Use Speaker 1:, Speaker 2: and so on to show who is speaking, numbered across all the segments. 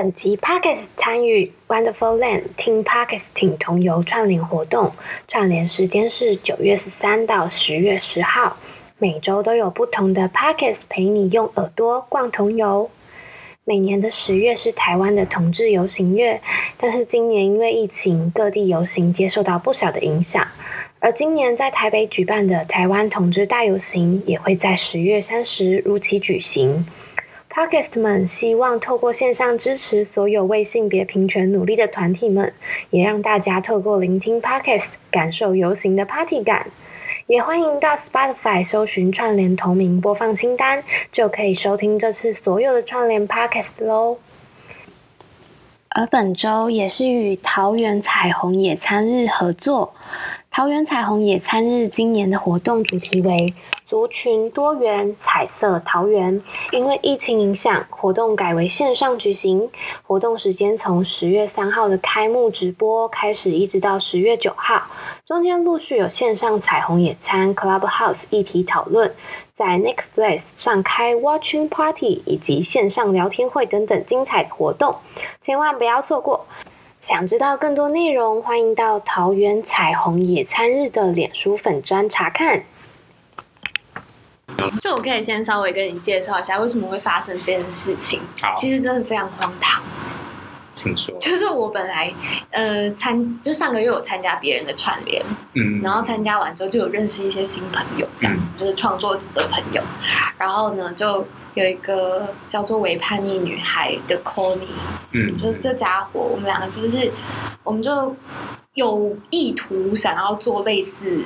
Speaker 1: 本集 Podcast 參與彎的 For Land 聽 Podcast 挺同遊串聯活動，串聯時間是九月十三到十月十號，每周都有不同的 Podcast 陪你用耳朵逛同遊。每年的十月是台灣的同志遊行月，但是今年因為疫情，各地遊行皆受到不小的影響。而今年在台北舉辦的台灣同志大遊行，也會在十月三十如期舉行。Podcaster 們希望透過線上支持所有為性別平權努力的團體們，也讓大家透過聆聽 Podcast 感受遊行的 Party 感。也歡迎到 Spotify 搜尋串聯同名播放清單，就可以收聽這次所有的串聯 Podcast 嘍。而本周也是與桃園彩虹野餐日合作。桃園彩虹野餐日今年的活動主題為族群多元彩色桃園。因為疫情影響，活動改為線上舉行。活動時間從十月三號的開幕直播開始，一直到十月九號，中間陸續有線上彩虹野餐、Clubhouse 議題討論，在 Netflix 上開 Watching Party 以及線上聊天會等等精彩的活動，千萬不要錯過。想知道更多內容，歡迎到桃園彩虹野餐日的臉書粉專查看。就我可以先稍微跟你介紹一下，為什麼會發生這件事情？好，其實真的非常荒唐。說就是我本來呃參，就上個月有參加別人的串聯，嗯，然後參加完之後就有認識一些新朋友，這樣、嗯，就是創作者的朋友。然後呢，就有一個叫做《偽叛逆女孩》的 Connie，嗯，就是這家伙，我們兩個就是，我們就有意圖想要做類似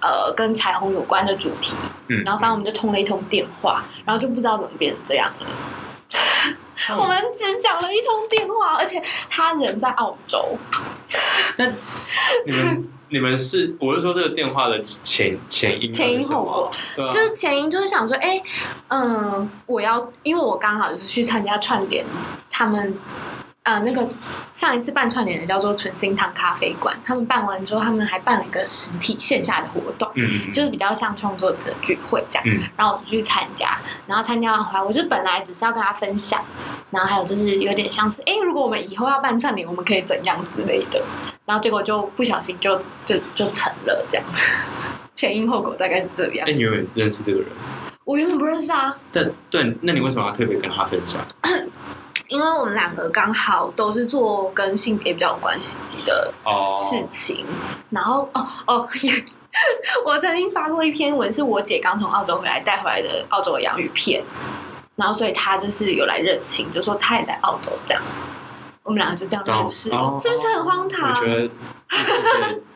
Speaker 1: 呃跟彩虹有關的主題，嗯，然後反正我們就通了一通電話，然後就不知道怎麼變成這樣了。嗯、我們只講了一通電話，而且他人在澳
Speaker 2: 洲。那你們、你們是我是說這個電話的前前因前因後果、啊，就是
Speaker 1: 前因就是想說，哎、欸，嗯，我要因為我剛好就是去參加串聯他們。呃，那個上一次辦串聯的叫做“純心堂咖啡館”，他們辦完之後，他們還辦了一個實體線下的活動，嗯、就是比較像創作者聚會這樣、嗯。然後我就去參加，然後參加完回來，我就本來只是要跟他分享，然後還有就是有點像是，哎，如果我們以後要辦串聯，我們可以怎樣之類的。然後結果就不小心就就就成了這樣。前因後果大概是這樣。哎，
Speaker 2: 你原本認識這個人？
Speaker 1: 我原本不認識啊。
Speaker 2: 對對，那你為什麼要特別跟他分享？
Speaker 1: 因為我們兩個剛好都是做跟性別比較有關係的事情、oh.，然後哦哦，我曾經發過一篇文，是我姐剛從澳洲回來帶回來的澳洲洋芋片，然後所以她就是有來認親，就說她也在
Speaker 2: 澳洲這樣。
Speaker 1: 我們倆就這樣認識，啊啊啊啊，是不是很荒唐？我覺得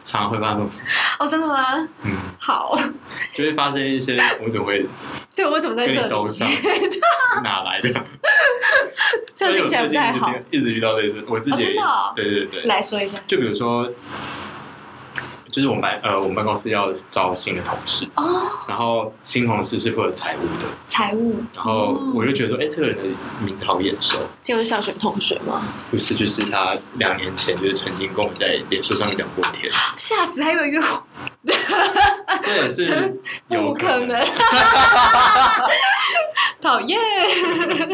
Speaker 2: 常會發生這
Speaker 1: 種事情。 哦，真的嗎？嗯，好，
Speaker 2: 就會發生一些我怎麼會？
Speaker 1: 對，我怎麼在這裡？到哪來的？ 來不太好，最近最近
Speaker 2: 一直遇到類似，我自己也，哦真的哦，對對對，來說一下，就比如說。就是我們呃，我們辦公室要招新的同事、哦，然後新同事是負責財務的
Speaker 1: 財務。然後
Speaker 2: 我就覺得說，哎、嗯欸，這個人的名字好眼熟，
Speaker 1: 就是小學同學嗎？
Speaker 2: 不、就是，就是他兩年前就是曾經跟我在臉書上聊過天，
Speaker 1: 嚇死，還 有一個
Speaker 2: 這
Speaker 1: 也是不可能，討厭，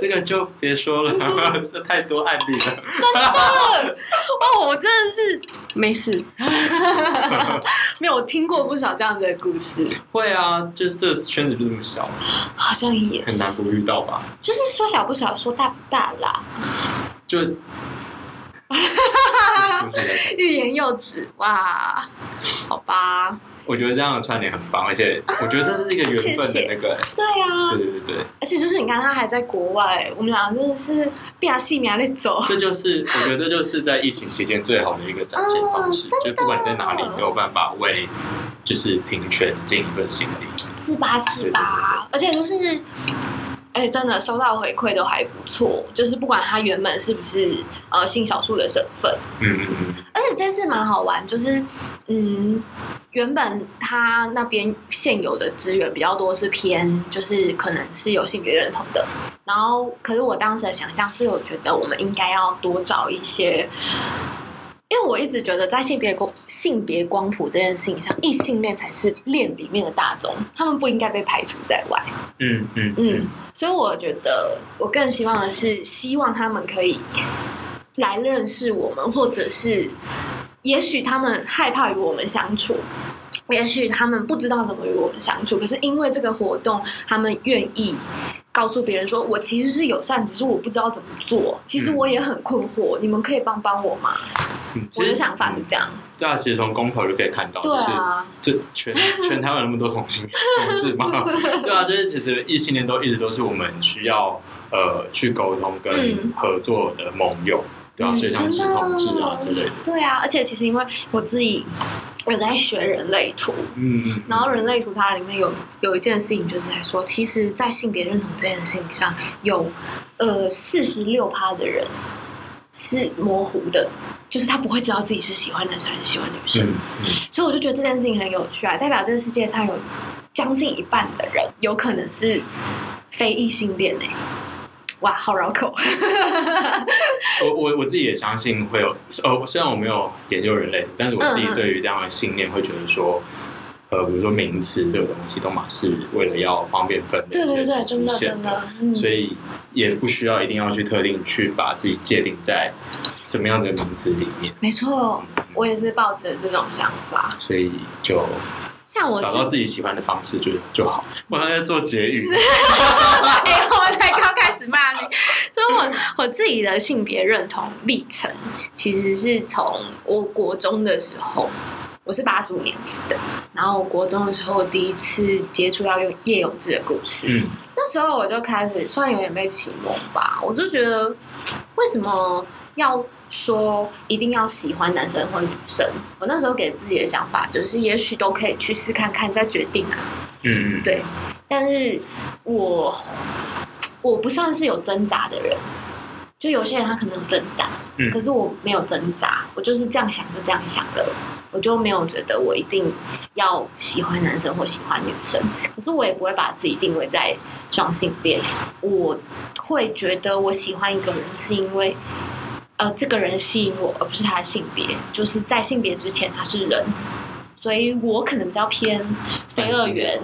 Speaker 2: 這個就別說了， 這太多案例了，
Speaker 1: 真的哦，我真的是沒事。 沒有，我聽過不少這樣子的故事。
Speaker 2: 會 啊，就是這圈子就這麼小，
Speaker 1: 好像也很難不
Speaker 2: 遇到吧。
Speaker 1: 就是說小不小，說大不大啦。就， 欲言又止，哇，好吧。
Speaker 2: 我覺得這樣的串聯很棒，而且我覺得這是一個緣分，的那個啊謝謝對啊，對對
Speaker 1: 對對，而且就是你看他還在國外，我們倆真的是邊戲邊在走，這
Speaker 2: 就是我覺得這就是在疫情期間最好的一個展現方式，啊、就是、不管你在哪裡，都、嗯、有辦法為就是平權盡一份心力，
Speaker 1: 是吧？是、啊、吧？而且就是。誒真的收到回饋都還不錯，就是不管他原本是不是呃性少數的身份，嗯嗯嗯，而且這次蠻好玩，就是嗯原本他那邊現有的資源比較多是偏就是可能是有性別認同的，然後可是我當時的想象是，我覺得我們應該要多找一些。因為我一直覺得，在性別光性別光譜這件事情上，異性戀才是戀裡面的大宗，他們不應該被排除在外。嗯嗯嗯，所以我覺得，我更希望的是，希望他們可以來認識我們，或者是，也許他們害怕與我們相處，也許他們不知道怎麼與我們相處，可是因為這個活動，他們願意告訴別人說，我其實是友善，只是我不知道怎麼做，其實我也很困惑，嗯，你們可以幫幫我嗎？
Speaker 2: 嗯、其實我的想
Speaker 1: 法是這
Speaker 2: 樣、嗯。對啊，其實從公投就可以看到、對啊。就是，這全全台有那麼多同性同志嗎？ 對啊，就是其實異性戀都一直都是我們需要呃去溝通跟合作的盟友，嗯、對啊，所以像是同志啊之類
Speaker 1: 的、嗯、的。對啊，而且其實因為我自己我有在學人類圖，嗯，然後人類圖它裡面有有一件事情就是在說，其實，在性別認同這件事情上，有呃四十六趴的人是模糊的。就是他不會知道自己是喜歡男生還是喜歡女生、嗯嗯，所以我就覺得這件事情很有趣啊！代表這個世界上有將近一半的人有可能是非異性戀呢。哇，好繞口！
Speaker 2: 我我，我自己也相信會有哦，雖然我沒有研究人類，但是我自己對於這樣的信念會覺得說。嗯呃，比如說名詞這個東西，都嘛是為了要方便分類出現的。對對對，真的。嗯，所以也不需要一定要去特定去把自己界定在什麼樣子的名詞裡面。
Speaker 1: 沒錯。嗯，我也是抱持這種想法，
Speaker 2: 所以就像我找到自己喜歡的方式就，就就好。我還在做結語，
Speaker 1: 欸，我才剛開始罵你。 所以我，我我自己的性別認同歷程，其實是從我國中的時候。我是八十五年次的，然後我國中的時候第一次接觸到用葉永鋕的故事，嗯，那時候我就開始算有點被啟蒙吧。我就覺得，為什麼要說一定要喜歡男生或女生？我那時候給自己的想法就是，也許都可以去試看看，再決定啊。嗯，嗯，對。但是我我不算是有掙扎的人，就有些人他可能有掙扎，嗯，可是我沒有掙扎，我就是這樣想，就這樣想了。我就沒有覺得我一定要喜歡男生或喜歡女生，可是我也不會把自己定位在雙性戀。我會覺得我喜歡一個人是因為，呃，這個人吸引我，而不是他的性別。就是在性別之前他是人，所以我可能比較偏非二元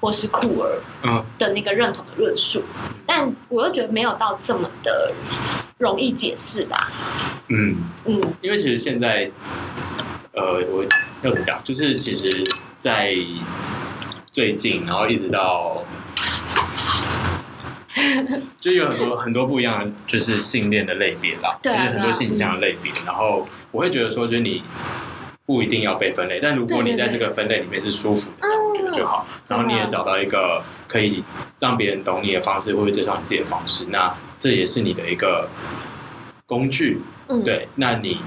Speaker 1: 或是酷兒的那個認同的論述，嗯，但我又覺得沒有到這麼的容易解釋吧。嗯嗯，
Speaker 2: 因為其實現在。呃，我要怎麼講？就是其實，在最近，然後一直到，就有很多 很多不一樣的，就是性戀的類別啦，對、啊，就是很多性向的類別、嗯。然後我會覺得說，就是你不一定要被分類，但如果你在這個分類裡面是舒服的，我覺得就好。對對對對，然後你也找到一個可以讓別人懂你的方式，或者介紹你自己的方式，那這也是你的一個工具。嗯，對，那你。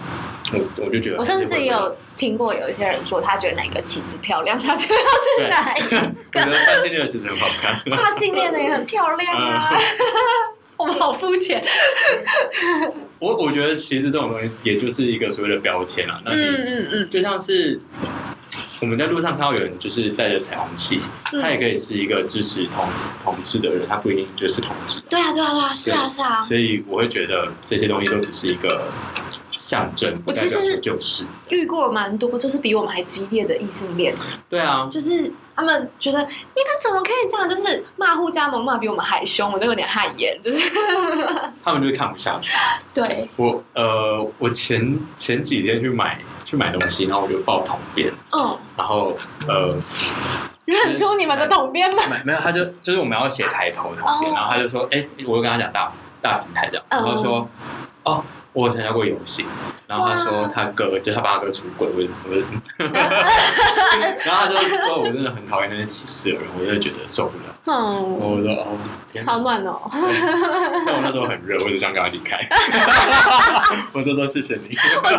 Speaker 2: 我，我就覺得會會，我甚至
Speaker 1: 也有聽過有一些人說，他覺得哪個旗子漂亮，他覺得他是哪
Speaker 2: 一個。 泛性戀的旗子很好看，泛
Speaker 1: 性戀的也很漂亮啊。 嗯、 我們好膚淺
Speaker 2: 我我覺得其實這種東西也就是一個所謂的標籤啊。那嗯嗯嗯，就像是我們在路上看到有人就是戴着彩虹旗，嗯嗯，他也可以是一個支持同同志的人，他不一定就是同志。
Speaker 1: 對啊，對啊，對啊，是啊，是啊。所
Speaker 2: 以我會覺得這些東西都只是一個。象徵，我其實就是
Speaker 1: 遇過蠻多，就是比我們還激烈的異性戀。
Speaker 2: 對啊，就是
Speaker 1: 他們覺得你們怎麼可以這樣，就是罵護家盟罵比我們還兇，我都有點汗顏。就
Speaker 2: 是 他們就是看不下去。對我呃，我前前幾天去買去買東西，然後我就報統編，嗯，然後呃，
Speaker 1: 你認出你們的統編嗎？
Speaker 2: 沒有，他就就是我們要寫抬頭的東西，哦，然後他就說，哎，欸，我就跟他講大大平台的，然後說，嗯，哦。我參加過遊戲，然後他說他哥、啊、就他爸哥出軌，我就我就。呵呵呵呵
Speaker 1: 然後他就說：“我
Speaker 2: 真的很討厭那些歧視的人，
Speaker 1: 我就會覺得受不了。嗯”我說：“哦，天，好暖
Speaker 2: 哦。”但我那時候很熱，我就想跟他離開。 我都說謝謝你。我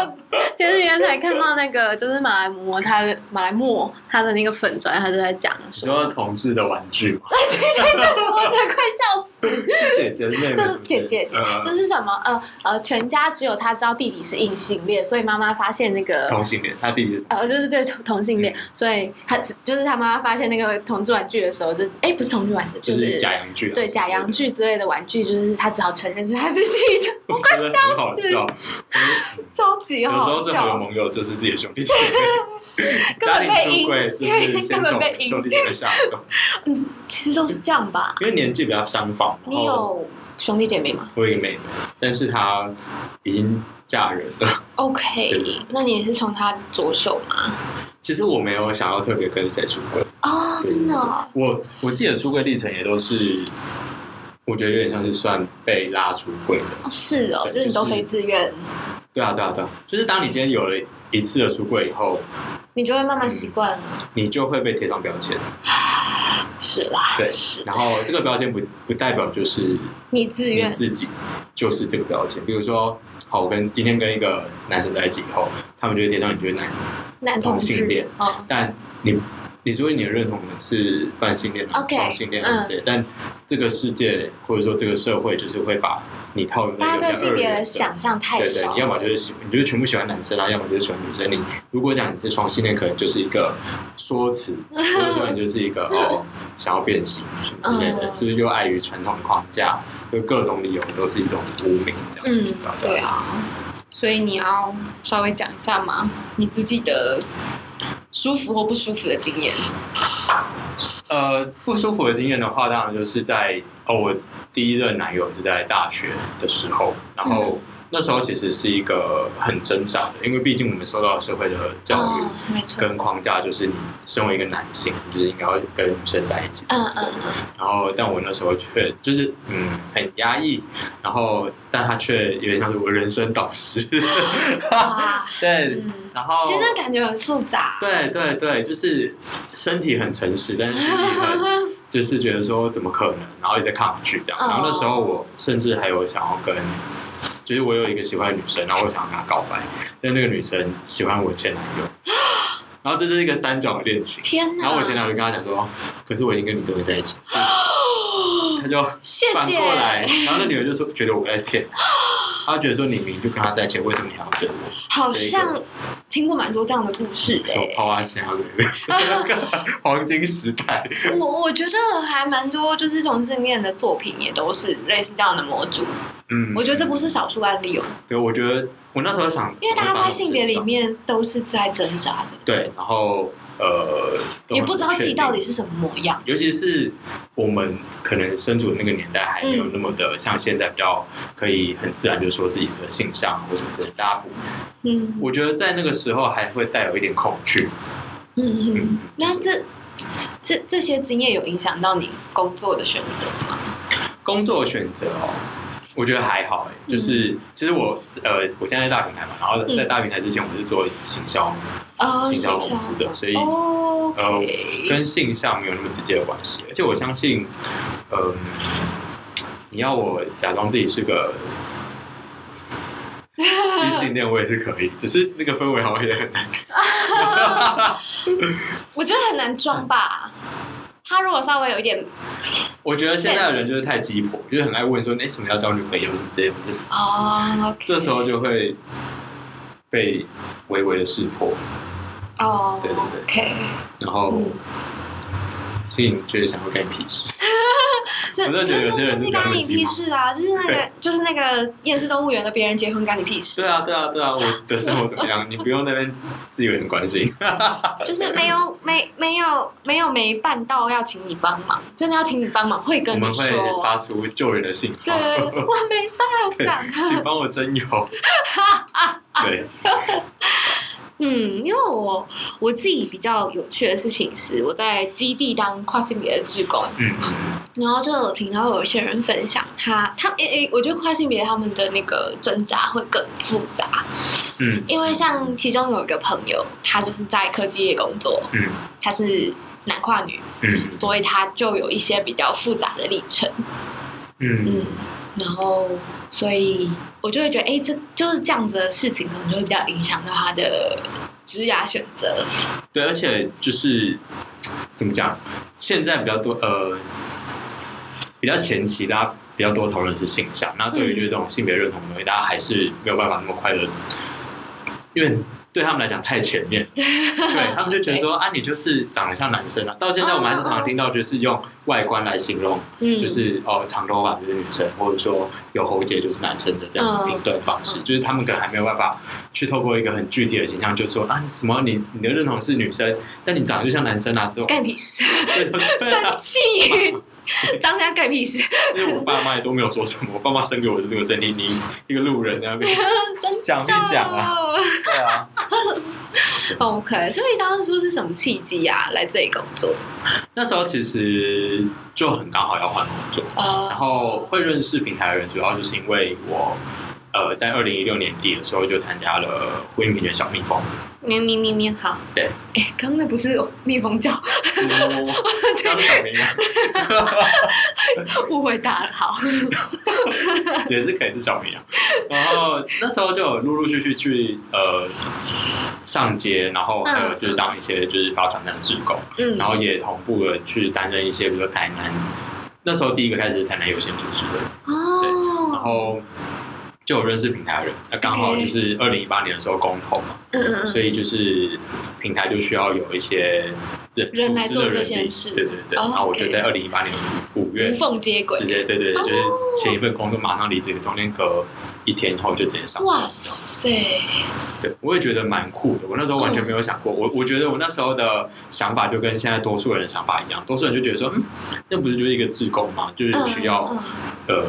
Speaker 1: 我前幾天才看到那個，就是馬來摩他的 馬來莫他的那個粉磚，他就在講說：“
Speaker 2: 說是同志的玩具。”我覺得快
Speaker 1: 笑死、 就是！姐姐妹妹就是姐姐，就是姐姐、嗯就是、什麼呃呃，全家只有他知道弟弟是異性戀，所以媽媽發現那個同性
Speaker 2: 戀，他弟弟
Speaker 1: 是、嗯、呃對對、就是、對同同性戀。所以他就是他媽媽發現那個同志玩具的時候就，就哎，不是同志玩具，就是假陽具，對假陽具之類的玩具，就是他只好承認，是他自己的。
Speaker 2: 我快笑死了，超、嗯、
Speaker 1: 級好笑，有時候最好的盟
Speaker 2: 友就是自己的兄弟姐妹，因為因櫃根本被是被兄弟姐妹下手
Speaker 1: 嗯，其實都是這樣吧，因
Speaker 2: 為年紀比較相仿，你有。
Speaker 1: 兄弟姐妹嗎？
Speaker 2: 妹沒，沒，但是他已經嫁人了。
Speaker 1: OK，那你也是從他
Speaker 2: 左手嗎？其實我沒有想要特別跟誰出櫃
Speaker 1: 啊，真的、
Speaker 2: 哦。我我記得出櫃歷程也都是，我覺得有點像是算被拉出櫃的。Oh, 是哦，
Speaker 1: 就是、就是、都非自願。
Speaker 2: 對啊，對啊，對啊，就是當你今天有了一次的出櫃以後，
Speaker 1: 你就會慢慢習慣了、
Speaker 2: 嗯，你就會被貼上標籤。是對是。然後這個標籤不不代表就是
Speaker 1: 你自願自己
Speaker 2: 就是這個標籤。比如說，好，我跟今天跟一個男生在一起以後，他們就會貼上你，覺得男
Speaker 1: 男同男性戀。
Speaker 2: 但你，你作為你的認同是泛性戀、同、okay, 雙性戀，對、嗯，但。這個世界或者說這個社會，就是會把你套入那個二元。大家對性別想
Speaker 1: 象太少了。對對，你要
Speaker 2: 麼就是喜，你就是全部喜歡男生啦，然後要麼就是喜歡女生。你如果講你是雙性戀，可能就是一個說辭，所、啊、以說你就是一個、嗯、哦想要變形什麼之類的、嗯，是不是又礙於傳統的框架，就各種理由都是一種污名這樣。嗯
Speaker 1: 對對，對啊。所以你要稍微講一下嗎？你自己的舒服或不舒服的經驗。
Speaker 2: 呃，不舒服的經驗的話，當然就是在哦，我第一任男友是在大學的時候，然後。那時候其實是一個很掙扎的，因為畢竟我們受到社會的教育，跟框架就是你身為一個男性，哦、就是應該要跟女生在一起，嗯嗯。然後，但我那時候卻就是嗯很壓抑，然後但他卻有點像是我人生導師。哇、哦， 哦、 對、嗯，然後其實那
Speaker 1: 感覺很複雜。
Speaker 2: 對對對，就是身體很誠實，嗯，但是你很就是覺得說怎麼可能，然後也在抗拒這樣，哦。然後那時候我甚至還有想要跟。就是我有一個喜歡的女生，然後我想要跟她告白，但那個女生喜歡我前男友，然後這是一個三角戀情。天哪！然後我前男友跟她講說，可是我已經跟女同學在一起，
Speaker 1: 他
Speaker 2: 就反過來，謝謝，然後那女的就說覺得我在騙，
Speaker 1: 她
Speaker 2: 覺得說你明明就跟她在一起，為什麼你要跟我？好像
Speaker 1: 聽過蠻多這樣的故事，
Speaker 2: 欸，哎，的，啊， 黃金時代，我
Speaker 1: 我覺得還蠻多，就是同性戀的作品也都是類似這樣的模組。嗯、我覺得這不是少數案例哦、喔。
Speaker 2: 對，我覺得我那時候想，嗯、因為大家在性別
Speaker 1: 裡面都是在掙扎的。
Speaker 2: 對，然後呃，也不知道自己到底
Speaker 1: 是什麼模樣。
Speaker 2: 尤其是我們可能身處那個年代，還沒有那麼的、嗯、像現在比較可以很自然就說自己的性向或者什麼大家不嗯，我覺得在那個時候還會帶有一點恐懼。嗯嗯，嗯，
Speaker 1: 那這這這些經驗有影響到你工作的選擇嗎？
Speaker 2: 工作選擇哦、喔。我覺得還好哎、欸，就是、嗯、其實我呃，我現在在大平台嘛，然後在大平台之前，我是做行銷、嗯，行銷公司的，oh, 所以、okay. 呃，跟性向沒有那麼直接的關係。而且我相信，嗯、呃，你要我假裝自己是個異性戀，我也是可以， 只是那個氛圍好像有點很
Speaker 1: 難。 我覺得很難裝吧，他如果稍微有一點。
Speaker 2: 我覺得現在的人就是太雞婆，yes. 就很愛問說：“你、欸、為什麼要找女朋友什麼之類的，的？”就、oh, 是、
Speaker 1: okay.
Speaker 2: 這時候就會被微微的識破。
Speaker 1: 哦、oh,。對對對。Okay.
Speaker 2: 然後，所以你覺得想要干屁事？
Speaker 1: 這我真的覺得有些人是那麼就是那個、啊，就是那個，厭世、就是、動物園的別人結婚干你屁事、啊。對啊，對
Speaker 2: 啊，對啊，我的生活怎麼樣？ 你不用那邊自由源關心。 就是沒有，
Speaker 1: 沒，沒有，沒有，沒辦到要請你幫忙，真的要請你幫忙，會跟你說。我們會發
Speaker 2: 出救人的信號。對，我
Speaker 1: 沒辦法，請幫
Speaker 2: 我徵友哈哈
Speaker 1: 對。 嗯，因為我我自己比較有趣的事情是我在基地當跨性別的志工，嗯，然後就平常有，有一些人分享他他誒誒、欸欸，我覺得跨性別他們的那個掙扎會更複雜，嗯，因為像其中有一個朋友，他就是在科技業工作，嗯，他是男跨女，嗯，所以他就有一些比較複雜的歷程，嗯嗯，然後。所以，我就會覺得，哎、欸，這就是這樣子的事情，可能就會比較影響到他的職涯選擇。
Speaker 2: 對，而且就是怎麼講，現在比較多，呃，比較前期，大家比較多討論是性向。那對於就是這種性別認同的東西，嗯、大家還是沒有辦法那麼快樂。因為。對他們來講太前面，
Speaker 1: 對他
Speaker 2: 們就覺得說啊，你就是長得像男生啊。到現在我們還是常常聽到，就是用外觀來形容，就是哦、嗯呃、長頭髮就是女生，或者說有喉結就是男生的這樣的評斷方式、哦。就是他們可能還沒有辦法去透過一個很具體的形象，就說啊，什麼你你的認同是女生，但你長得就像男生啊，這種幹
Speaker 1: 你生生氣。啊長得像 gay 屁事，因為我
Speaker 2: 爸媽也, 也都沒有說什麼，我爸媽生給我的這個聲音，你一個路人那別講別講啊，
Speaker 1: 對啊 okay. ，OK，所以當初是什麼契機呀、啊、來這裡工作？
Speaker 2: 那時候其實就很剛好要換工作，okay. 然後會認識平台的人，主要就是因為我。呃，在二零一六年底的時候，就參加了婚姻平權的小蜜蜂。
Speaker 1: 咩咩咩咩，好。對。哎、欸，剛剛那不是蜜蜂叫？哈
Speaker 2: 哈哈叫小綿羊。哈
Speaker 1: 哈誤會大了，好。也
Speaker 2: 是可以是小綿羊。然後那時候就陸陸續續去呃上街，然後還有就是當一些就是發傳單的志工。嗯。然後也同步的去擔任一些比如說台南，那時候第一個開始是台南有線組織的。哦。
Speaker 1: 然
Speaker 2: 後。就有認識平台的人，那剛好就是二零一八年的時候公投嘛，okay. 嗯，所以就是平台就需要有一些人來做這些事，對對對。Okay. 然後我就在二零一八年五月無縫接
Speaker 1: 軌，直接，接對對，對，哦，就是
Speaker 2: 前一份工作馬上離職，中間隔一天後就直接上班。哇塞！對，我也覺得蠻酷的。我那時候完全沒有想過，嗯，我我覺得我那時候的想法就跟現在多數人的想法一樣，多數人就覺得說，嗯，那不是就是一個志工嘛，就是需要嗯嗯、呃、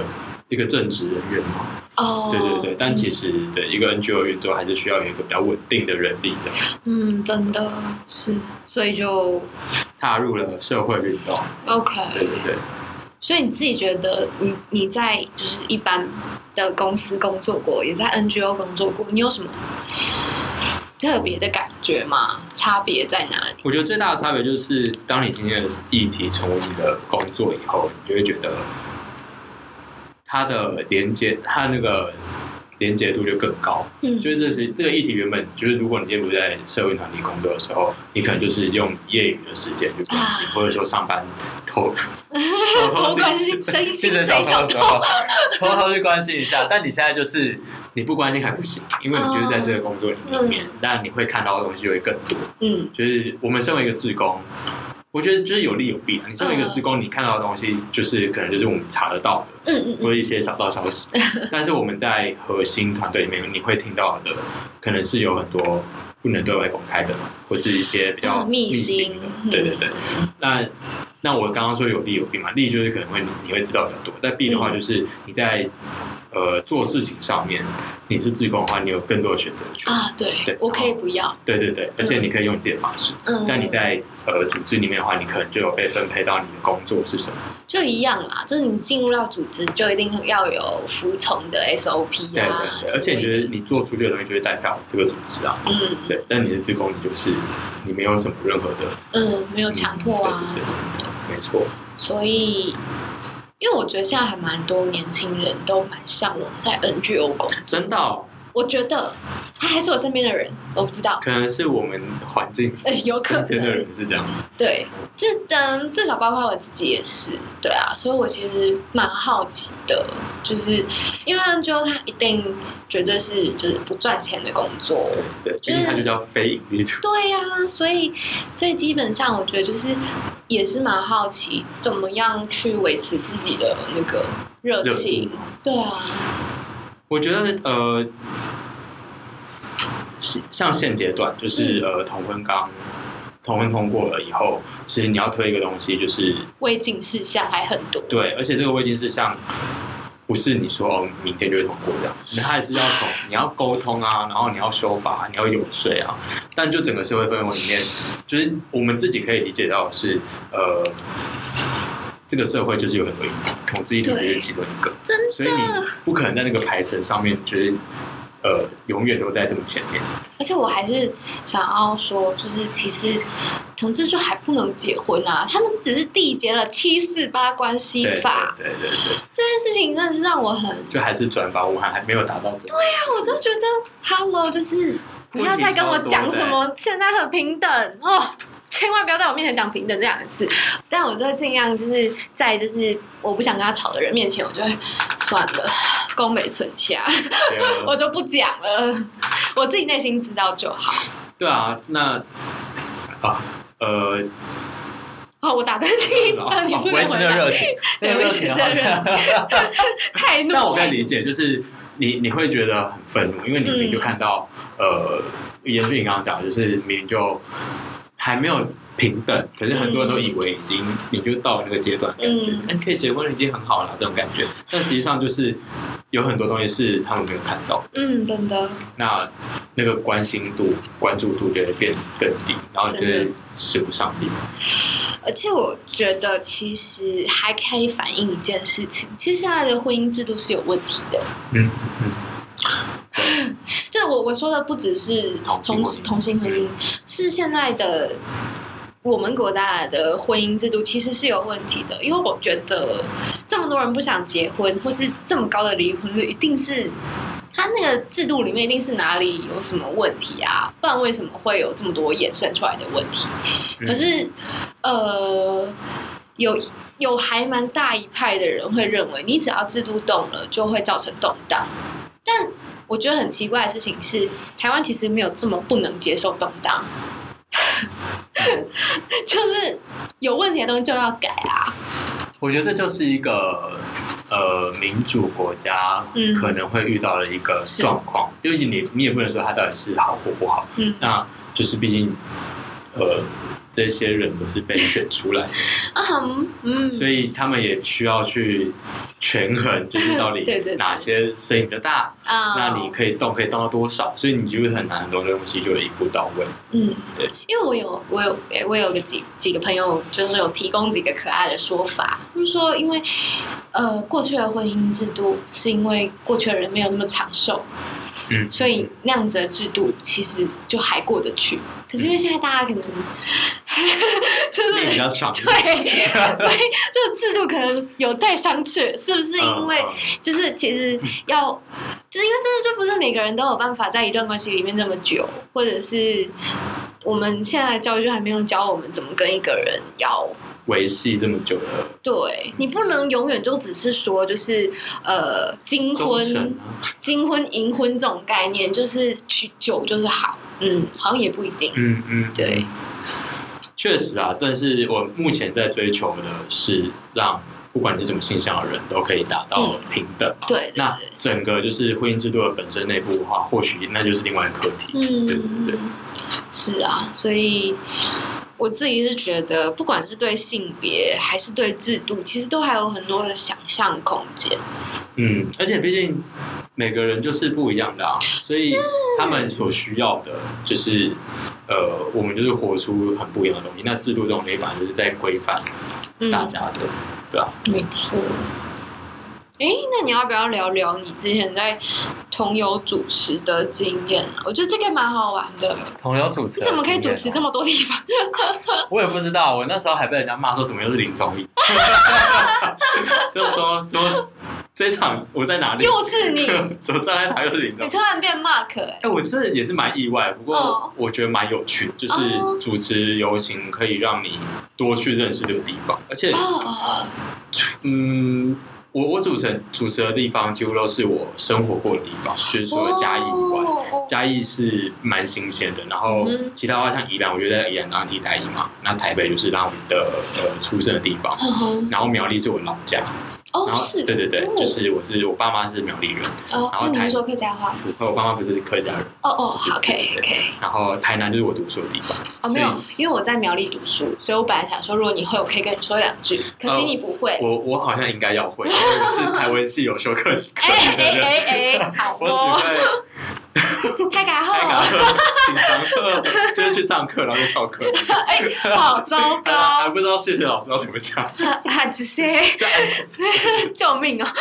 Speaker 2: 一個正職人員嘛。哦、oh，對對對，但其實對一個 NGO 運作還是需要有一個比較穩定的人力的。
Speaker 1: 嗯，真的是，所以就
Speaker 2: 踏入了社會運動。OK。對對對。
Speaker 1: 所以你自己覺得你，你你在就是一般的公司工作過，也在 NGO 工作過，你有什麼特別的感覺嗎？差別在哪裡？
Speaker 2: 我覺得最大的差別就是，當你今天的議題成為你的工作以後，你就會覺得。它的連接，它那個連接度就更高。嗯，就是這是這個議題原本就是，如果你今天不在社會團體工作的時候，你可能就是用業餘的時間去關心、啊，或者說上班偷，偷
Speaker 1: 偷去關心。變成小偷的時候偷偷
Speaker 2: 去關心一下。 但你現在就是你不關心還不行，因為你就是在這個工作裡面,裡面、嗯，但你會看到的東西就會更多。嗯，就是我們身為一個志工。我覺得就是有利有弊，你作為一個職工，你看到的東西就是可能就是我們查得到的。嗯、或一些小道消息，嗯嗯。但是我們在核心團隊裡面，你會聽到的，可能是有很多不能對外公開的，或是一些比較秘辛的，嗯、秘辛的，嗯。對對對。那那我剛剛說有利有弊嘛，利就是可能會你，你會知道比較多，但弊的話就是你在，嗯、呃做事情上面，你是職工的話，你有更多的選擇權
Speaker 1: 啊。對。對，我可以不要。
Speaker 2: 對對對，嗯，而且你可以用自己的方式。嗯，但你在。呃，組織裡面的話，你可能就有被分配到你的工作是什麼？
Speaker 1: 就一樣啦，就是你進入到組織，就一定要有服從的 SOP 啊。對對對，而且
Speaker 2: 你覺得你做出去的東西就會代表這個組織啊？嗯，對。但你的志工，你就是你沒有什麼任何的，
Speaker 1: 嗯，沒有強迫啊什麼、
Speaker 2: 嗯、的、的，沒錯。
Speaker 1: 所以，因為我覺得現在還蠻多年輕人都蠻向往在 NGO 工
Speaker 2: 作的真的、哦。
Speaker 1: 我覺得他還是我身邊的人，我不知道，
Speaker 2: 可能是我們環境、欸，有可能，是這樣。
Speaker 1: 對，是的、呃，至少包括我自己也是，對啊，所以我其實蠻好奇的，就是因為就他一定絕對是就是不賺錢的工
Speaker 2: 作，對，對就是他就叫非營利、就
Speaker 1: 是，對呀、啊，所以所以基本上我覺得就是也是蠻好奇怎麼樣去維持自己的那個熱情，對啊，
Speaker 2: 我覺得呃。像現階段就是、嗯、呃，同婚剛,剛同婚通過了以後，其實你要推一個東西，就是
Speaker 1: 未盡事項還很多。
Speaker 2: 對，而且這個未盡事項不是你說哦，明天就會通過這樣，它還是要從你要溝通啊，然後你要修法、啊，你要遊說啊。但就整個社會氛圍裡面，就是我們自己可以理解到的是呃，這個社會就是有很多因素，同婚姻就是其中一個，真的，所以你不可能在那個排程上面就是。呃，永遠都在這麼前面。
Speaker 1: 而且我還是想要說，就是其實同志就還不能結婚啊，他們只是締結了七四八關係法。對對
Speaker 2: 對，對，
Speaker 1: 這件事情真的是讓我很……
Speaker 2: 就還是轉發，我還還沒有達到這個。
Speaker 1: 對啊，我就覺得，Hello，就是不要再跟我講什麼現在很平等哦，千萬不要在我面前講平等這兩個字。 但我就會盡量就是在就是我不想跟他吵的人面前，我就會算了。工美存錢，啊、 我就不講了，我自己內心知道就好。
Speaker 2: 對啊，那啊呃、
Speaker 1: 哦，我打斷、哦、你不，維持熱情，維 持熱情， 太怒，那我可以理
Speaker 2: 解，就是你你會覺得很憤怒，因為你明明、嗯、就看到呃，延續你剛剛講，就是明明就還沒有平等，可是很多人都以為已經，嗯、你就到那個階段，感覺哎可以結婚已經很好了這種感覺，但實際上就是。有很多東西是他們沒有看到，嗯，真的。那那個關心度、關注度就會變得更低，然後就是使不上力。
Speaker 1: 而且我覺得，其實還可以反映一件事情，其實現在的婚姻制度是有問題的。
Speaker 2: 嗯
Speaker 1: 嗯。這 我我說的不只是同同性婚姻，婚姻嗯、是現在的。我們國家的婚姻制度其實是有問題的，因為我覺得這麼多人不想結婚，或是這麼高的離婚率，一定是他那個制度裡面一定是哪裡有什麼問題啊？不然為什麼會有這麼多衍生出來的問題？可是，呃，有有還蠻大一派的人會認為，你只要制度動了，就會造成動盪。但我覺得很奇怪的事情是，台灣其實沒有這麼不能接受動盪。 就是有問題的東西就要改啊！
Speaker 2: 我覺得這就是一個呃民主國家可能會遇到的一個狀況。嗯，因為你你也不能說它到底是好或不好。嗯，那就是畢竟呃。這些人都是被選出來，
Speaker 1: 啊嗯，所
Speaker 2: 以他們也需要去權衡，就是到底哪些聲音的大，那你可以動，可以動到多少，所以你就會很難很多的東西就一步到位嗯。嗯，對，
Speaker 1: 因為我有我有我有個幾幾個朋友，就是有提供幾個可愛的說法，就是說因為呃過去的婚姻制度是因為過去的人沒有那麼長壽。嗯，所以那樣子的制度其實就還過得去，可是因為現在大家可能、嗯、 就是比較爽是不是，對，所以這個制度可能有待商榷，是不是？因為就是其實要、哦哦、就是因為真的就不是每個人都有辦法在一段關係裡面這麼久，或者是我們現在的教育就還沒有教我們怎麼跟一個人要
Speaker 2: 維繫這麼久的，
Speaker 1: 對你不能永遠就只是說就是呃金婚、金、啊、婚、銀婚這種概念，就是去久就是好，嗯，好像也不一定，嗯
Speaker 2: 嗯，對嗯，確實啊，但是我目前在追求的是讓不管你是什麼性向的人都可以達到平等，嗯、對，對，那整個就是婚姻制度的本身內部的話，或許那就是另外一個課題，
Speaker 1: 嗯，對不對？是啊，所以。我自己是覺得，不管是對性別還是對制度，其實都還有很多的想象空間。
Speaker 2: 嗯，而且畢竟每個人就是不一樣的啊，所以他們所需要的就是， 呃，我們就是活出很不一樣的東西。那制度這種立法就是在規範大家的，嗯、對吧、
Speaker 1: 啊？沒錯。哎，那你要不要聊聊你之前在同遊主持的經驗、啊？我覺得這個還蠻好玩的。
Speaker 2: 同遊主持、啊，你怎麼可以主持
Speaker 1: 這麼多地方？
Speaker 2: 我也不知道，我那時候還被人家罵說怎麼又是林忠義， 就是說說這場我在哪裡又是你， 怎麼站在台，又是你？你
Speaker 1: 突然變 Mark 哎、欸
Speaker 2: 欸，我這也是蠻意外，不過我覺得蠻有趣、哦，就是主持遊行可以讓你多去認識這個地方，而且，嗯、哦。呃呃我我主持主持的地方幾乎都是我生活過的地方，哦，就是除了嘉義以外。嘉義是蠻新鮮的，然後其他的話，像宜蘭，我覺得宜蘭當地第一嘛，然後台北就是我們的呃出生的地方，嗯，然後苗栗是我老家，哦，是，對對對，哦，就是我是我爸媽是苗栗人，哦，哦，那你說客
Speaker 1: 家話，
Speaker 2: 我爸媽不是客家人，哦哦好，OK OK，然後台南就是我讀書的地方，哦沒有，
Speaker 1: 因為我在苗栗讀書，所以我本來想說如果你會，我可以跟你說兩句，可惜你不會，哦，
Speaker 2: 我我好像應該要會。嗯 是台灣是有修課課的哎哎準備開課嘎好、開講課、請堂課，就是去上課然後翹課。哎、 欸，好糟糕！ 還不知道謝謝老師要怎麼講
Speaker 1: 啊？這些救命啊！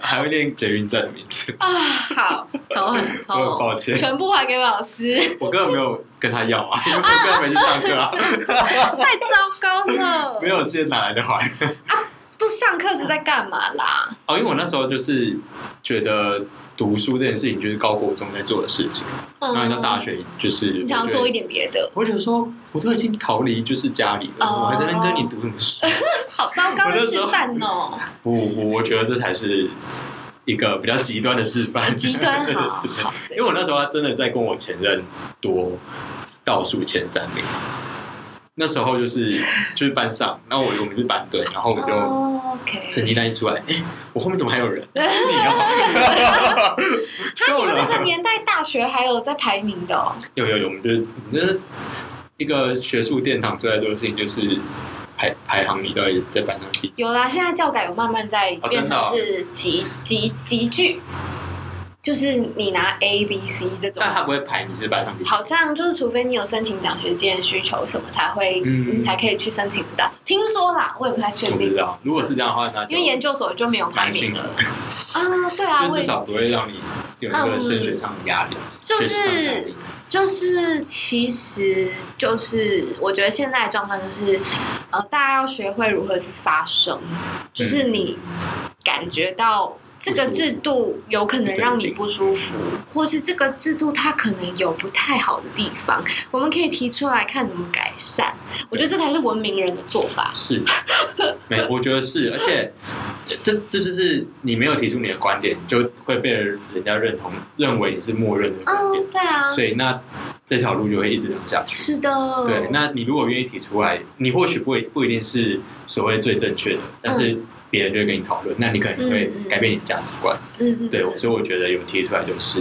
Speaker 2: 還會念捷運站的名字 啊，
Speaker 1: 好好，好好，我
Speaker 2: 很抱歉，全
Speaker 1: 部還給老師。
Speaker 2: 我根本沒有跟他要啊，因為我根本沒去上課啊。 啊啊啊
Speaker 1: 啊 太糟糕了！沒
Speaker 2: 有借哪來的還？ 啊
Speaker 1: 都上課是在幹嘛啦、
Speaker 2: 啊？哦，因為我那時候就是覺得讀書這件事情就是高國中在做的事情，嗯、然後到大學就是你想要做一點別的。我覺得說我都已經逃離，就是家裡了、哦，我還在那跟你讀什麼書、
Speaker 1: 嗯，好糟糕的示範哦！我
Speaker 2: 不我，我覺得這才是一個比較極端的示範，極端的，因為我那時候真的在跟我前任多倒數前三名。那時候就是就是班上， 然後我我們是班隊，然後我們就成績單一出來，哎、okay. 欸，我後面怎麼還有人？
Speaker 1: 他你們
Speaker 2: 哈哈有那個年
Speaker 1: 代，大學還有在排名的、
Speaker 2: 哦，有有有，我們就是我們就是一個學術殿堂最愛做的事情就是排排行，你到底在班上第？
Speaker 1: 有啦，現在教改有慢慢在變成是集、哦哦、集集聚。集就是你拿 A、B、C 這種，但他不
Speaker 2: 會排，你是百分比。好
Speaker 1: 像就是，除非你有申請獎學金的需求什麼，才會、嗯、才可以去申請的。聽說啦，我也不太確
Speaker 2: 定。如果是這樣的話，那因為研
Speaker 1: 究所就沒有排名
Speaker 2: 了。
Speaker 1: 啊，對啊，至少
Speaker 2: 不會讓你有一個升學上的壓力。就是
Speaker 1: 就是，其實就是我覺得現在的狀況就是，呃，大家要學會如何去發聲。就是你感覺到。這個制度有可能讓你不舒服不，或是這個制度它可能有不太好的地方，我們可以提出來看怎麼改善。我覺得這才是文明人的做法。
Speaker 2: 是， 沒，我覺得是。而且，這這就是你沒有提出你的觀點，就會被人家認同，認為你是默認的
Speaker 1: 觀點。嗯，對啊。所
Speaker 2: 以那這條路就會一直往下走。是
Speaker 1: 的。對，那
Speaker 2: 你如果願意提出來，你或許不不一定是所謂最正確的，但是。嗯。別人就會跟你討論，那你可能會改變你的價值觀。嗯嗯，嗯，對，所以我覺得有提出來就是，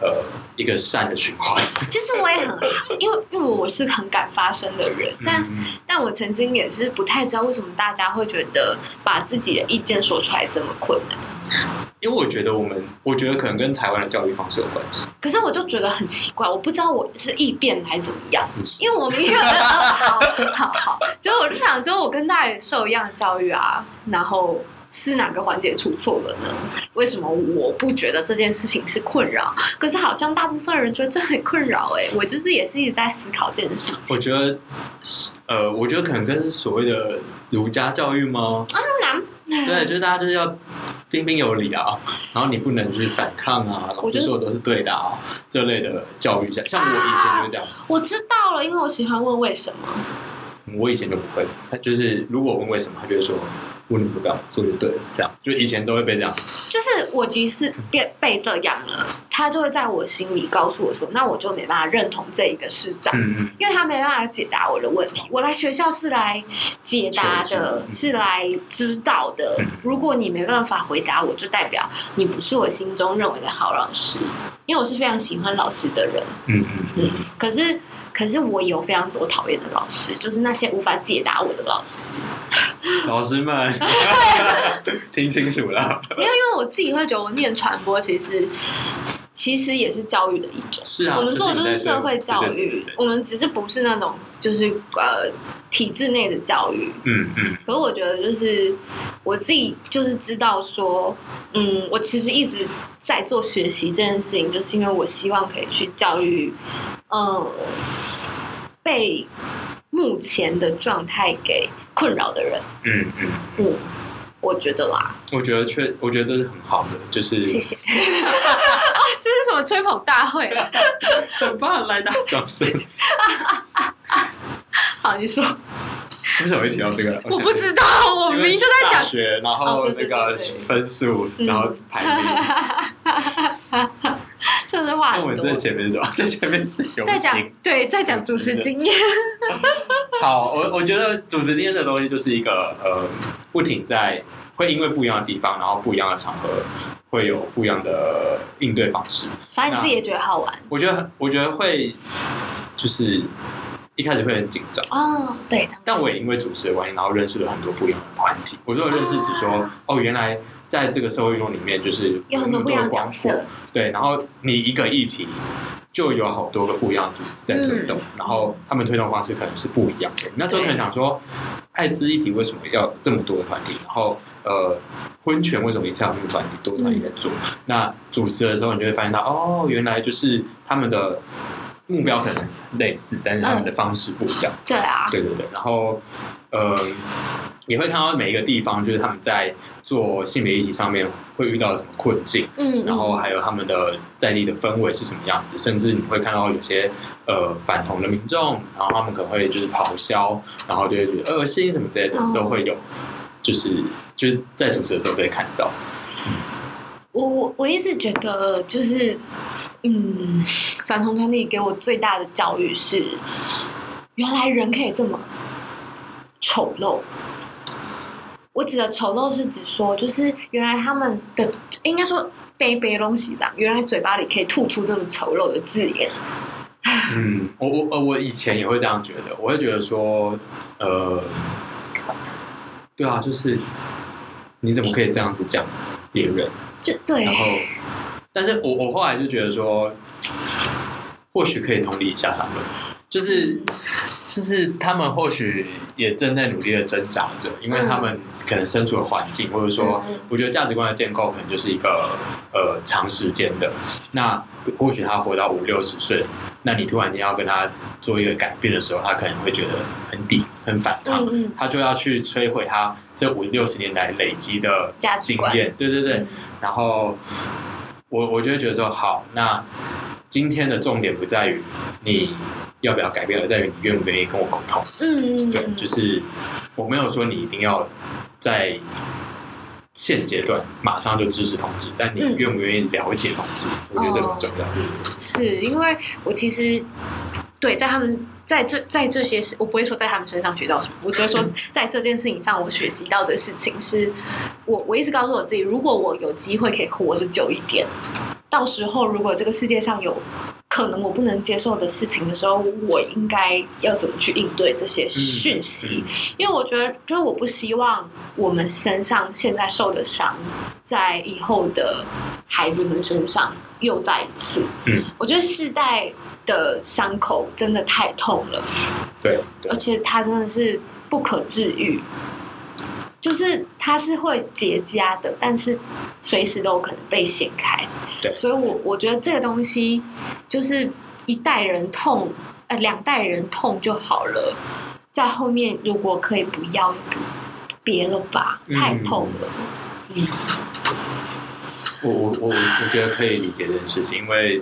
Speaker 2: 呃，一個善的循環。
Speaker 1: 其實我也很， 因為因為我是很敢發聲的人，嗯、但但我曾經也是不太知道為什麼大家會覺得把自己的意見說出來這麼困難。
Speaker 2: 因為我覺得我們，我覺得可能跟台灣的教育方式有關係。
Speaker 1: 可是我就覺得很奇怪，我不知道我是異變還是怎麼樣。因為我沒有，我明明好好好，好，就我就想說，我跟大家受一樣的教育啊，然後是哪個環節出錯了呢？為什麼我不覺得這件事情是困擾？可是好像大部分人覺得這很困擾，欸。哎，我就是也是一直在思考這件事情。我
Speaker 2: 覺得，呃，我覺得可能跟所謂的儒家教育嗎？啊，
Speaker 1: 很難。對，就是
Speaker 2: 大家就是要。彬彬有禮啊，然後你不能去反抗啊，老師說的都是對的啊，就是、這類的教育下，像我以前就這樣。啊，
Speaker 1: 我知道了，因為我喜歡問為什麼。
Speaker 2: 我以前就不會，他就是如果問為什麼，他就會說。問你不夠，做就對了。這樣，就以前都會被這樣。
Speaker 1: 就是我即使被被這樣了，他就會在我心裡告訴我說：“那我就沒辦法認同這一個師長，嗯、因為他沒辦法解答我的問題。我來學校是來解答的，嗯、是來知道的，嗯。如果你沒辦法回答我，就代表你不是我心中認為的好老師。因為我是非常喜歡老師的人。嗯嗯，嗯，嗯。可是，可是我有非常多討厭的老師，就是那些無法解答我的老師。
Speaker 2: 老師們。 聽清楚
Speaker 1: 了。因為，因為我自己會覺得，我念傳播其實 其實也是教育的一
Speaker 2: 種。是啊，我們做的就是社會教育，
Speaker 1: 我們只是不是那種就是呃體制內的教育。嗯嗯。可是我覺得，就是我自己就是知道說，嗯，我其實一直在做學習這件事情，就是因為我希望可以去教育，呃，被目前的狀態給。困擾
Speaker 2: 的人，
Speaker 1: 嗯嗯嗯，我覺得啦，
Speaker 2: 我覺得確，我覺得這是很好的，就是謝謝
Speaker 1: 哦，這是什麼吹捧大會？怎麼辦？
Speaker 2: 來大掌聲！
Speaker 1: 好，你說，
Speaker 2: 為什麼會提到這個？ 我不知道，我明明就在講學，然後那個分數，然後排名。 嗯
Speaker 1: 說實話，我們在
Speaker 2: 前面是吧？在前面是有在講，
Speaker 1: 對，在講主持經驗。 好，
Speaker 2: 我我覺得主持經驗的東西就是一個呃，不停在會因為不一樣的地方，然後不一樣的場合，會有不一樣的應對方式。反正你自己也覺得好玩，我覺得我覺得會就是。一開始會很緊張哦，對。但我也因為主持的原因，然後認識了很多不一樣的團體。我說認識，只說、啊、哦，原來在這個社會運動裡面，就是有很多，的光很多不一樣的角色，對。然後你一個議題就有好多個不一樣的組織在推動，嗯、然後他們推動方式可能是不一樣的。嗯、那時候很想說，艾滋議題為什麼要有這麼多的團體？然後呃，婚權為什麼一次有那麼多團體，多團體在做，嗯？那主持的時候，你就會發現到哦，原來就是他們的。目標可能類似，但是他們的方式不一樣。嗯、
Speaker 1: 對啊，對對
Speaker 2: 對。然後，呃、嗯，你會看到每一個地方，就是他們在做性別議題上面會遇到什麼困境。嗯，然後還有他們的在地的氛圍是什麼樣子、嗯，甚至你會看到有些呃反同的民眾，然後他們可能會就是咆哮，然後就會覺得噁心什麼之類的，嗯、都會有，就是就是在主持的時候被看到。嗯、
Speaker 1: 我我一直覺得就是。嗯，反同團體給我最大的教育是，原來人可以這麼醜陋。我指的醜陋是指說，就是原來他們的應該說卑卑隆起的，原來嘴巴裡可以吐出這麼醜陋的字眼。嗯，
Speaker 2: 我我我以前也會這樣覺得，我會覺得說，呃，對啊，就是你怎麼可以這樣子講別人？欸、就對，然後。但是我我後來就覺得說，或許可以同理一下他們，就是就是他們或許也正在努力的掙扎着，因為他們可能身處的環境，或者說，我覺得價值觀的建構可能就是一個呃長時間的。那或許他活到五六十歲，那你突然間要跟他做一個改變的時候，他可能會覺得很抵很反抗，他就要去摧毀他這五六十年來累積的經驗。對對對，嗯，然後。我我就會覺得說，好，那今天的重點不在於你要不要改變了，而在於你願不願意跟我溝通。
Speaker 1: 嗯嗯，對，
Speaker 2: 就是我沒有說你一定要在現階段馬上就支持同志，但你願不願意了解同志，嗯，我覺得這很重要。哦，對，
Speaker 1: 是因為我其實對在他們。在這在這些事，我不會說在他們身上學到什麼。我覺得說在這件事情上，我學習到的事情是，我我一直告訴我自己，如果我有機會可以活得久一點，到時候如果這個世界上有。可能我不能接受的事情的時候，我應該要怎麼去應對這些訊息、嗯嗯。因為我覺得，就是我不希望我們身上現在受的傷，在以後的孩子們身上又再一次、嗯。我覺得世代的傷口真的太痛了對，對，而且它真的是不可治癒。就是它是會結痂的，但是隨時都有可能被掀開。對，所以我我覺得這個東西就是一代人痛，呃，兩代人痛就好了。在後面如果可以不要就別了吧，太痛了。
Speaker 2: 嗯、我、嗯、我我我覺得可以理解這件事情，因為。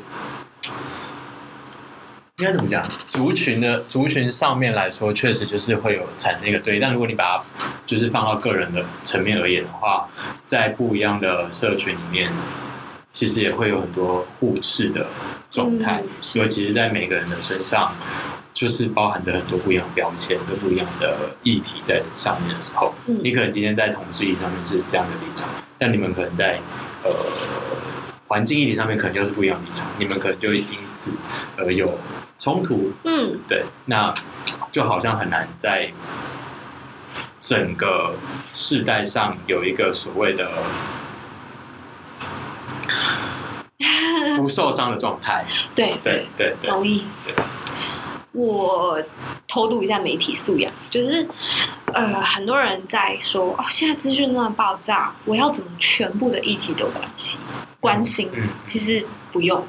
Speaker 2: 應該怎麼講？族群的族群上面來說，確實就是會有產生一個堆。但如果你把它就是放到個人的層面而言的話，在不一樣的社群裡面，其實也會有很多互斥的狀態、嗯。所以其實在每個人的身上，就是包含着很多不一樣的標籤跟不一樣的議題在上面的時候、嗯，你可能今天在同志議題上面是這樣的立場，但你們可能在呃環境議題上面可能又是不一樣的立場。你們可能就會因此而有。衝突，嗯，對，那就好像很難在整個世代上有一個所謂的不受傷的狀態，嗯。對對對，同意，對。
Speaker 1: 我偷渡一下媒體素養，就是呃，很多人在說哦，現在資訊那麼爆炸，我要怎麼全部的議題都關心？嗯嗯，關心，其實不用。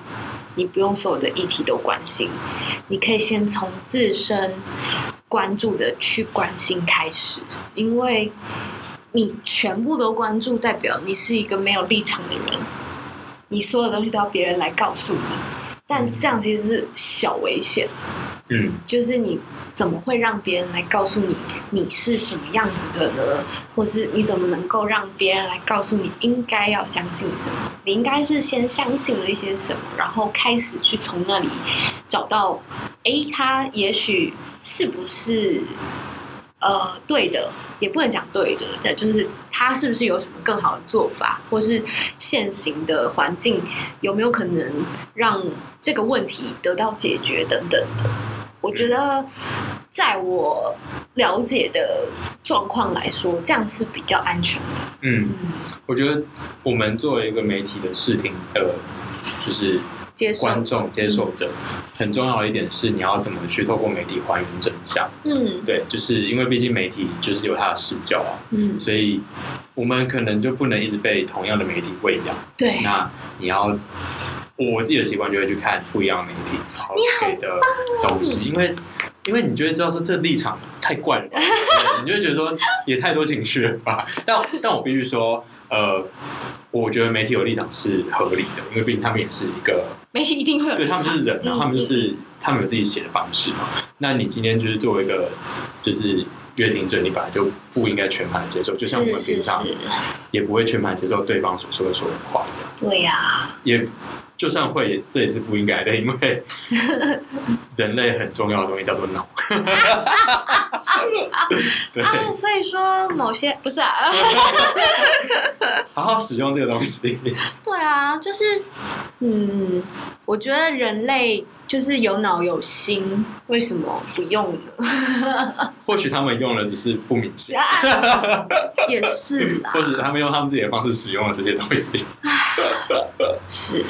Speaker 1: 你不用所有的議題都關心，你可以先從自身關注的去關心開始，因為你全部都關注，代表你是一個沒有立場的人，你所有的東西都要別人來告訴你，但這樣其實是小危險。嗯，就是你怎麼會讓別人來告訴你你是什麼樣子的呢？或是你怎麼能夠讓別人來告訴你應該要相信什麼？你應該是先相信了一些什麼，然後開始去從那裡找到，哎、欸，他也許是不是？呃，對的，也不能講對的，但就是他是不是有什麼更好的做法，或是現行的環境有沒有可能讓這個問題得到解決等等的？我覺得，在我了解的狀況來說，這樣是比較安全的。
Speaker 2: 嗯，我覺得我們作為一個媒體的視聽的，就是。觀眾接受者、嗯、很重要的一點是，你要怎麼去透過媒體還原真相？嗯，對，就是因為畢竟媒體就是有它的視角啊，嗯，所以我們可能就不能一直被同樣的媒體餵養。對，那你要我自己的習慣就會去看不一樣的媒體好、哦、然後給的東西，因為因為你就會知道說這立場太怪了， 你就會覺得說也太多情緒了吧？但但我必須說，呃，我覺得媒體有立場是合理的，因為畢竟他們也是一個。
Speaker 1: 媒體一定會有對他們就是人，嗯，然後他們就是，
Speaker 2: 嗯、他們有自己寫的方式嘛。那你今天就是作為一個就是閱聽者，你本來就不應該全盤接受，就像我們平常也不會全盤接受對方所說的所有話一樣。對呀、啊。也。就算會，這也是不應該的，因為人類很重要的東西叫做腦。啊、
Speaker 1: 對、啊，所以說某些不是啊，啊，
Speaker 2: 好好使用這個東西。
Speaker 1: 對啊，就是嗯，我覺得人類就是有腦有心，為什麼不用呢？
Speaker 2: 或許他們用了只是不明顯，啊、也是。或許他們用他們自己的方式使用了這些東西。是。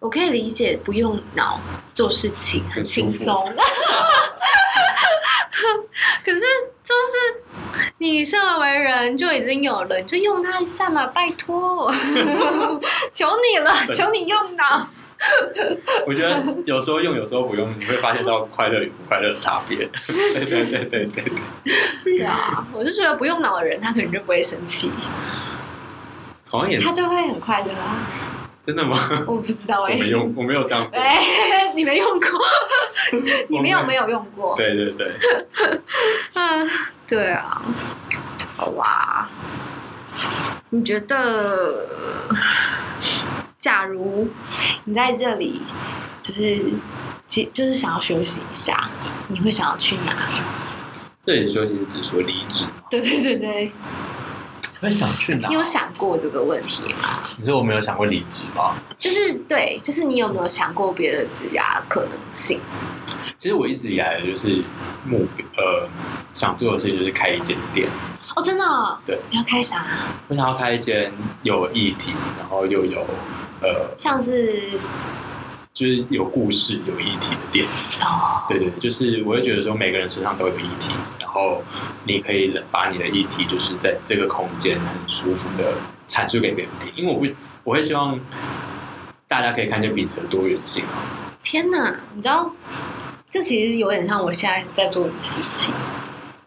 Speaker 1: 我可以理解不用腦
Speaker 2: 做事情很輕鬆，
Speaker 1: 可是就是你身為人就已經有了，你就用它一下嘛，拜托， 求你了，求你用腦。
Speaker 2: 我覺得有時候用，有時候不用，你會發現到快樂與不快樂的差別。 對，對，對，對，
Speaker 1: 對，對， 對啊，我就覺得不用腦的人，他可能就不會生氣，同樣也他就會很快樂啊。真的嗎？我不知道哎、欸。我沒用
Speaker 2: 過，我沒有這樣說。
Speaker 1: 哎、欸，你沒用過 們，你沒有沒有用過。對對對。 嗯、對啊，好哇。你覺得，假如你在這裡，就是，就是想要休息一下，你會想要去哪？
Speaker 2: 這裡休息是指說離職嗎？
Speaker 1: 對對對對。
Speaker 2: 會想去哪？你有
Speaker 1: 想過這個問題嗎？
Speaker 2: 你說我沒有想過離職吧。
Speaker 1: 就是對，就是你有沒有想過別的職涯可能性？其
Speaker 2: 實我一直以來的就是目標，呃，想做的事情就是開一間店。
Speaker 1: 哦，真的？對。你要開啥？
Speaker 2: 我想要開一間有議題，然後又有呃，像是就是有故事、有議題的店。哦。對對，對，就是我會覺得說，每個人身上都有議題。然後你可以把你的議題，就是在這個空間很舒服的闡述給別人聽，因為我不，我會希望大家可以看見彼此的多元性。
Speaker 1: 天哪，你知道，這其實有點像我現在在做的事情，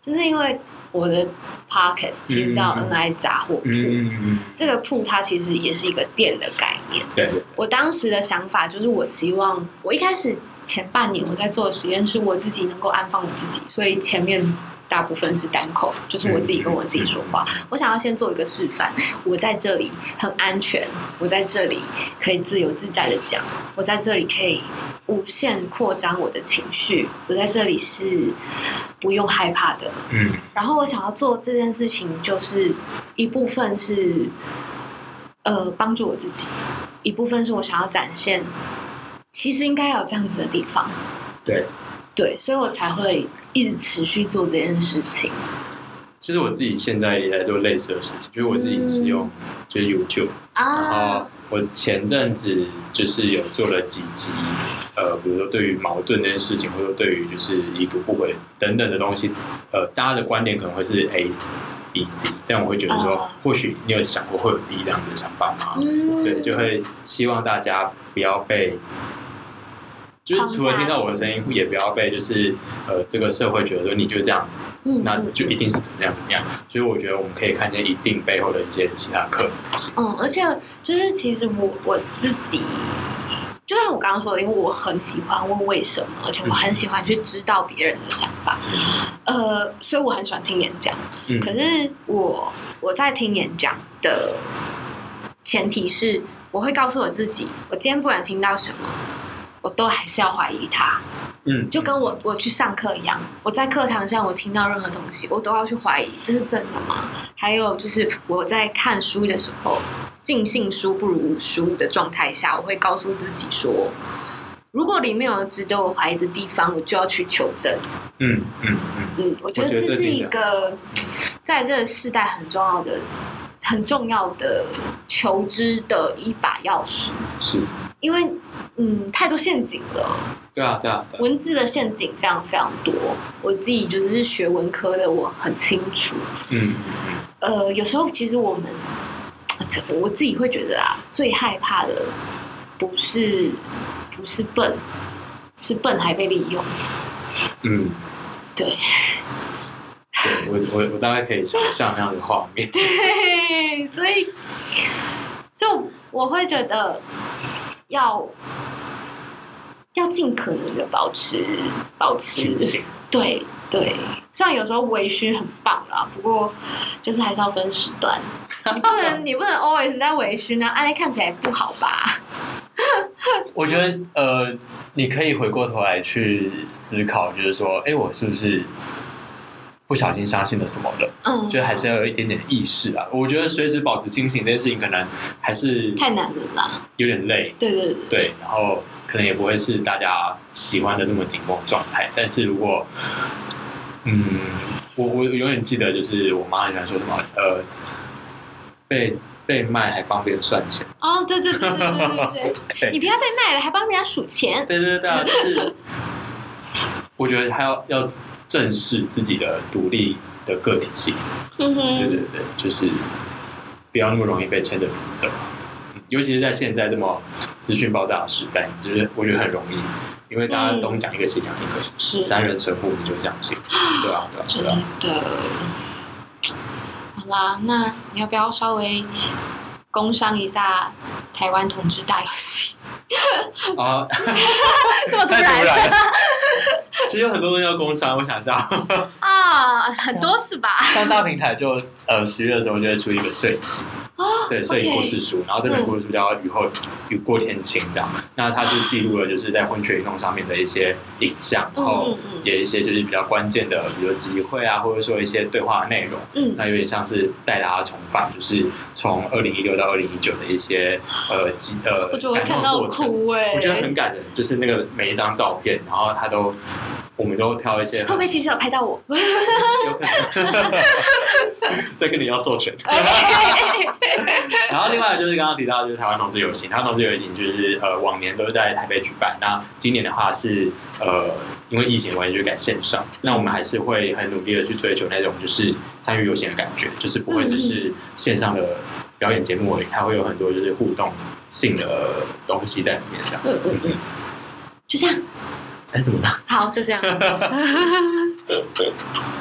Speaker 1: 就是因為我的 podcast 其實叫 NI、嗯、雜貨鋪、嗯嗯嗯，這個鋪它其實也是一個店的概念。對，對，我當時的想法就是，我希望我一開始前半年我在做實驗，是我自己能夠安放我自己，所以前面。大部分是單口，就是我自己跟我自己說話。嗯嗯嗯。我想要先做一個示範。我在這裡很安全，我在這裡可以自由自在的講，我在這裡可以無限擴張我的情緒，我在這裡是不用害怕的。嗯。然後我想要做這件事情，就是一部分是呃幫助我自己，一部分是我想要展現，其實應該要有這樣子的地方。
Speaker 2: 對。
Speaker 1: 對，所以我才會。一直持續做這件事情。
Speaker 2: 其實我自己現在也在做類似的事情，就是我自己用，嗯就是用 YouTube。然後我前陣子就是有做了幾集，呃，比如說對於矛盾這件事情，或者對於就是已讀不回等等的東西，呃，大家的觀點可能會是 A、B、C，但我會覺得說，啊，或許你有想過會有第一樣的想法嗎？嗯。對，就會希望大家不要被。就是除了聽到我的聲音，也不要被就是呃這個社會覺得說你就這樣子，嗯，那就一定是怎麼樣怎麼樣。所以我覺得我們可以看見一定背後的一些其他可能。嗯，
Speaker 1: 而且就是其實我我自己，就像我剛剛說的，因為我很喜歡問為什麼，而且我很喜歡去知道別人的想法，嗯。呃，所以我很喜歡聽演講，嗯。可是我我在聽演講的前提是，我會告訴我自己，我今天不管聽到什麼。我都還是要懷疑他。嗯，嗯，就跟我我去上課一樣，我在課堂上我聽到任何東西，我都要去懷疑，這是真的嗎？還有就是我在看書的時候，盡信書不如無書的狀態下，我會告訴自己說，如果裡面有值得我懷疑的地方，我就要去求證。嗯。嗯嗯嗯嗯，我覺得這是一個在這個世代很重要的、很重要的求知的一把鑰匙。是。因為，嗯，太多陷阱了。對啊，對啊。對啊，對啊。文字的陷阱非常非常多。我自己就是學文科的，我很清楚。嗯嗯嗯。呃，有時候其實我們，我自己會覺得啊，最害怕的不是不是笨，是笨還被利用。
Speaker 2: 嗯。對。 對，我我我大概可以想象那樣的畫面。
Speaker 1: 對，所以，就我會覺得。要要盡可能的保持保持，嗯、對對，雖然有時候委屈很棒啦，不過就是還是要分時段， 你不能你不能 always 在委屈呢，哎、啊、看起來也不好吧？
Speaker 2: 我覺得呃，你可以回過頭來去思考，就是說，哎、欸，我是不是？不小心相信了什麼的，嗯，就還是要有一點點意識啊。我覺得隨時保持清醒這件事情，可能還是太難了啦，有點累。對，對對對，對。然後可能也不會是大家喜歡的這麼緊繃狀態。但是如果，嗯，我我永遠記得就是我媽經常說什麼呃，被被賣還幫別人算錢。哦，對對對對對對， 對你不
Speaker 1: 要被賣了，還幫人家數錢。
Speaker 2: 對，對對對，是。 我覺得還要要。正視自己的獨立的個體性，嗯，
Speaker 1: 對對
Speaker 2: 對，就是不要那麼容易被牽着鼻子走。尤其是在現在這麼資訊爆炸的時代，就是我覺得很容易，因為大家東講一個西，嗯，講一個，是三人成虎你就相信，啊，對啊對啊真的
Speaker 1: 對啊。好啦，那你要不要稍微工商一下台灣同志大遊
Speaker 2: 行？啊、uh, 這麼突然， 突然？其實有很多東西要工商，我想一下。啊、
Speaker 1: uh, 很多是吧？三
Speaker 2: 大平台就呃十月的時候就會出一個攝影集，哦，對，攝影故事書，okay，然後這本故事書叫《雨後雨過天晴》這樣。那它是記錄了就是在婚權運動上面的一些影像，然後也有一些就是比較關鍵的，比如說集會啊，或者說一些對話內容。嗯，那有點像是帶大家重返，就是從二零一六到二零一九的一些呃記，呃感動、呃、過程。我覺得很感人，就是那個每一張照片，然後他都，我們都挑一些。後
Speaker 1: 面其實有拍到我？ 有
Speaker 2: 再可能 跟你要授權。
Speaker 1: 然後另外
Speaker 2: 就是剛剛提到，就是台灣同志遊行，台灣同志遊行就是呃往年都在台北舉辦，那今年的話是呃因為疫情完全就改線上，那我們還是會很努力的去追求那種就是參與遊行的感覺，就是不會只是線上的、嗯。表演節目它會有很多就是互動性的東西在裡面，這樣嗯。
Speaker 1: 嗯嗯嗯，就這樣。哎、欸，怎麼了？好，就這樣。